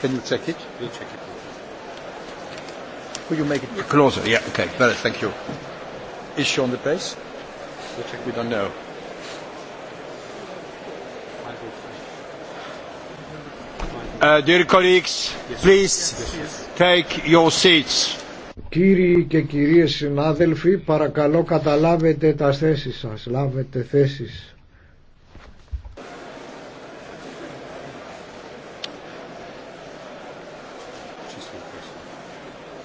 Can you check it? We'll check it. Will you make it closer? Yeah, okay. Well, thank you. Is she on the pace? We'll check. We don't know. Uh, dear colleagues, please take your seats. Κύριοι και κυρίες συνάδελφοι, παρακαλώ καταλάβετε τα θέσεις σας, λάβετε θέσεις.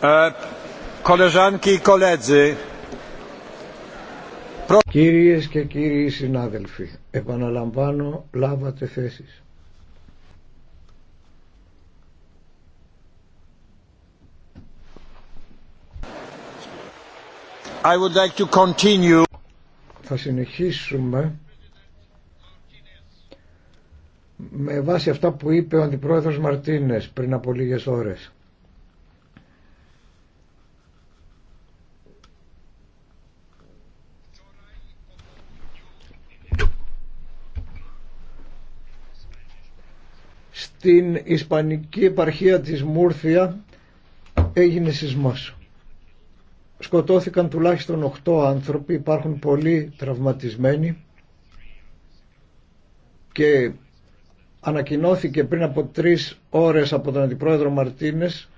Ε, Κυρίες και κύριοι συνάδελφοι, επαναλαμβάνω, λάβατε θέσεις. I would like to continue. Θα συνεχίσουμε με βάση αυτά που είπε ο Αντιπρόεδρος Μαρτίνες πριν από λίγες ώρες. στην Ισπανική επαρχία της Μούρθια έγινε σεισμός. Σκοτώθηκαν τουλάχιστον 8 άνθρωποι, υπάρχουν πολλοί τραυματισμένοι και ανακοινώθηκε πριν από τρεις ώρες από τον Αντιπρόεδρο Μαρτίνες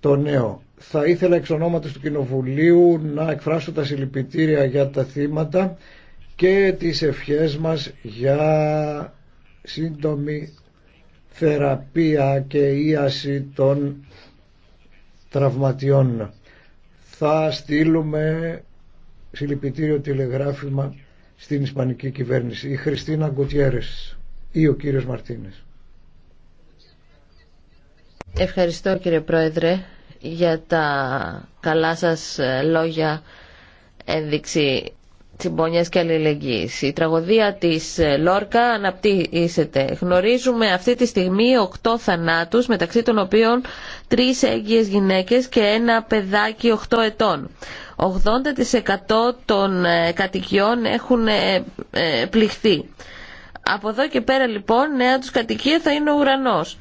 το νέο. Θα ήθελα εξ ονόματος του Κοινοβουλίου να εκφράσω τα συλληπιτήρια για τα θύματα και τις ευχές μας για σύντομη θεραπεία και ίαση των τραυματιών. Θα στείλουμε συλληπιτήριο τηλεγράφημα στην Ισπανική κυβέρνηση. Η Χριστίνα Γκουτιέρες ή ο κύριος Μαρτίνες. Ευχαριστώ κύριε Πρόεδρε για τα καλά σας λόγια ένδειξη Τσιμπονιές και αλληλεγγύης. Η τραγωδία της ε, Λόρκα αναπτύσσεται. Γνωρίζουμε αυτή τη στιγμή 8 θανάτους, μεταξύ των οποίων 3 έγκυες γυναίκες και ένα παιδάκι 8 ετών. 80% των ε, κατοικιών έχουν ε, πληχθεί. Από εδώ και πέρα λοιπόν νέα τους κατοικία θα είναι ο ουρανός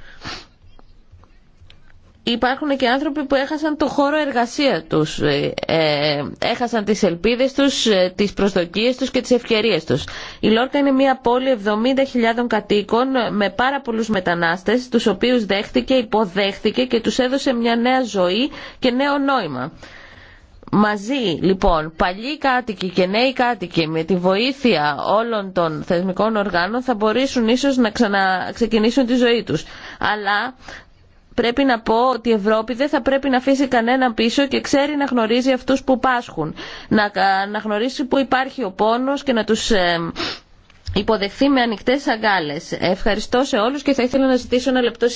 υπάρχουν και άνθρωποι που έχασαν το χώρο εργασία τους, ε, ε, έχασαν τις ελπίδες τους, ε, τις προσδοκίες τους και τις ευκαιρίες τους. Η Λόρκα είναι μια πόλη 70.000 κατοίκων με πάρα πολλούς μετανάστες, τους οποίους δέχτηκε, υποδέχτηκε και τους έδωσε μια νέα ζωή και νέο νόημα. Μαζί, λοιπόν, παλιοί κάτοικοι και νέοι κάτοικοι με τη βοήθεια όλων των θεσμικών οργάνων θα μπορέσουν ίσως να ξαναξεκινήσουν τη ζωή τους. Αλλά Πρέπει να πω ότι η Ευρώπη δεν θα πρέπει να αφήσει κανέναν πίσω και ξέρει να γνωρίζει αυτούς που πάσχουν. Να, να γνωρίσει που υπάρχει ο πόνος και να τους ε, υποδεχθεί με ανοιχτές αγκάλες. Ευχαριστώ σε όλους και θα ήθελα να ζητήσω ένα λεπτό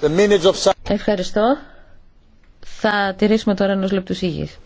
ε, Ευχαριστώ. Θα τηρήσουμε τώρα ενός λεπτού σιγής.